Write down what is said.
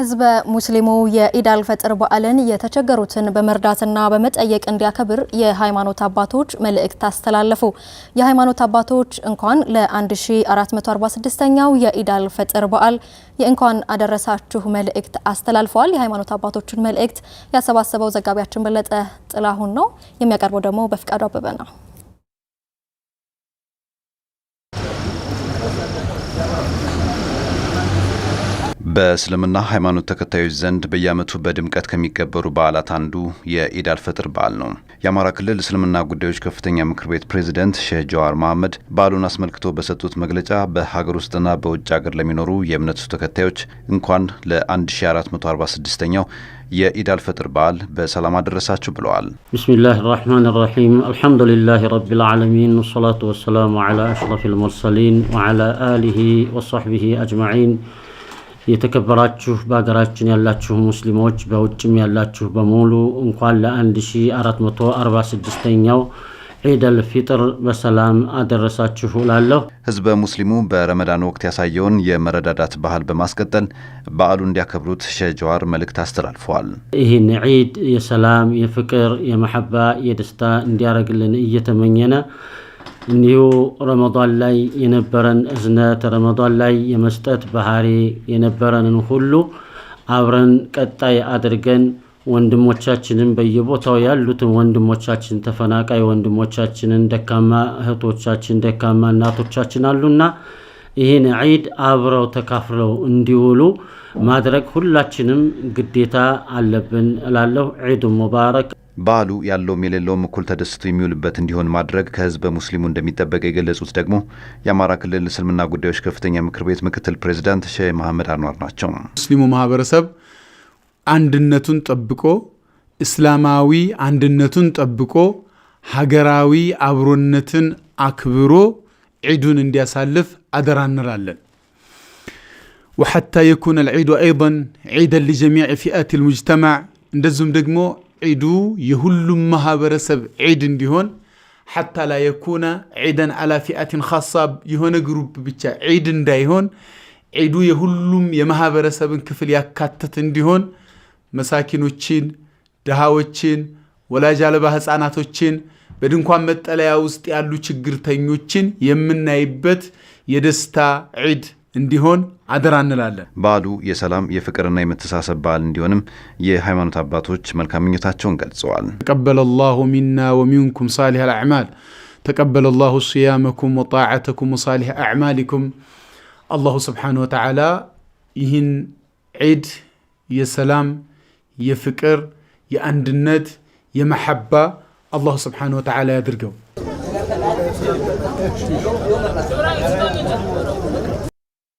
ህዝበ ሙስሊሙ የኢዳል ፈጥር በዓልን የተቸገሩትን በመርዳትና በመጠየቅ እንዲያከብር የሃይማኖት አባቶች መልእክት አስተላለፉ። የሃይማኖት አባቶች እንኳን ለ1446ኛው የኢዳል ፈጥር በዓል የእንኳን አደረሳችሁ መልእክት አስተላልፈዋል። የሃይማኖት አባቶቹን መልእክት ያሰባሰበው ዘጋቢያችን በለጠ ጥላሁን ነው። የሚያቀርበው ደግሞ በፍቃዱ አበበ ነው። በእስልምና ሃይማኖት ተከታዮች ዘንድ በየዓመቱ በድምቀት ከሚከበሩ በዓላት አንዱ የኢድ አልፈጥር በዓል ነው። የአማራ ክልል እስልምና ጉዳዮች ከፍተኛ ምክር ቤት ፕሬዚደንት ሼህ ጀዋር መሐመድ በዓሉን አስመልክቶ በሰጡት መግለጫ በሀገር ውስጥና በውጭ ሀገር ለሚኖሩ የእምነቱ ተከታዮች እንኳን ለ1446ኛው የኢድ አልፈጥር በዓል በሰላም አደረሳችሁ ብለዋል። ብስሚላህ ራህማን ራሒም አልሐምዱሊላህ ረቢልዓለሚን ወሰላቱ ወሰላሙ ዓላ አሽረፊል ሙርሰሊን ወዐላ አሊሂ ወሰሕቢሂ አጅማዒን የተከበራችሁ በሀገራችን ያላችሁ ሙስሊሞች በውጭም ያላችሁ በሙሉ እንኳን ለ1446ኛው ዒደል ፊጥር በሰላም አደረሳችሁ እላለሁ። ህዝበ ሙስሊሙ በረመዳን ወቅት ያሳየውን የመረዳዳት ባህል በማስቀጠል በዓሉ እንዲያከብሩት ሼህ ጀዋር መልእክት አስተላልፈዋል። ይህን ዒድ የሰላም፣ የፍቅር፣ የመሐባ፣ የደስታ እንዲያደርግልን እየተመኘነ እንዲሁ ረመዷን ላይ የነበረን እዝነት ረመዷን ላይ የመስጠት ባህሪ የነበረንን ሁሉ አብረን ቀጣይ አድርገን ወንድሞቻችንን በየቦታው ያሉትን ወንድሞቻችን ተፈናቃይ ወንድሞቻችንን ደካማ እህቶቻችን ደካማ እናቶቻችን አሉና ይህን ዒድ አብረው ተካፍለው እንዲውሉ ማድረግ ሁላችንም ግዴታ አለብን እላለሁ። ዒዱ ሙባረክ። በዓሉ ያለውም የሌለውም እኩል ተደስቶ የሚውልበት እንዲሆን ማድረግ ከህዝበ ሙስሊሙ እንደሚጠበቅ የገለጹት ደግሞ የአማራ ክልል እስልምና ጉዳዮች ከፍተኛ ምክር ቤት ምክትል ፕሬዚዳንት ሼህ መሐመድ አኗር ናቸው። ሙስሊሙ ማህበረሰብ አንድነቱን ጠብቆ እስላማዊ አንድነቱን ጠብቆ ሀገራዊ አብሮነትን አክብሮ ዒዱን እንዲያሳልፍ አደራ እንላለን። ወሐታ የኩነ ልዒዱ አይضን ዒደን ሊጀሚዕ ፊአት ልሙጅተማዕ እንደዚሁም ደግሞ ዒዱ የሁሉም ማህበረሰብ ዒድ እንዲሆን ሓታ ላ የኩነ ዒደን ዓላ ፊኣትን ካሳ የሆነ ግሩፕ ብቻ ዒድ እንዳይሆን ዒዱ የሁሉም የማህበረሰብን ክፍል ያካተት እንዲሆን መሳኪኖችን፣ ድሃዎችን፣ ወላጅ አልባ ህፃናቶችን፣ በድንኳን መጠለያ ውስጥ ያሉ ችግርተኞችን የምናይበት የደስታ ዒድ እንዲሆን አደራ እንላለን። በዓሉ የሰላም የፍቅርና የመተሳሰብ በዓል እንዲሆንም የሃይማኖት አባቶች መልካም ምኞታቸውን ገልጸዋል። ተቀበለ ላሁ ሚና ወሚንኩም ሳሊህ አልአዕማል ተቀበለ ላሁ ስያመኩም ወጣዓተኩም ወሳሊህ አዕማሊኩም። አላሁ ስብሓነሁ ወተዓላ ይህን ዒድ የሰላም የፍቅር የአንድነት የመሐባ አላሁ ስብሓነሁ ወተዓላ ያድርገው።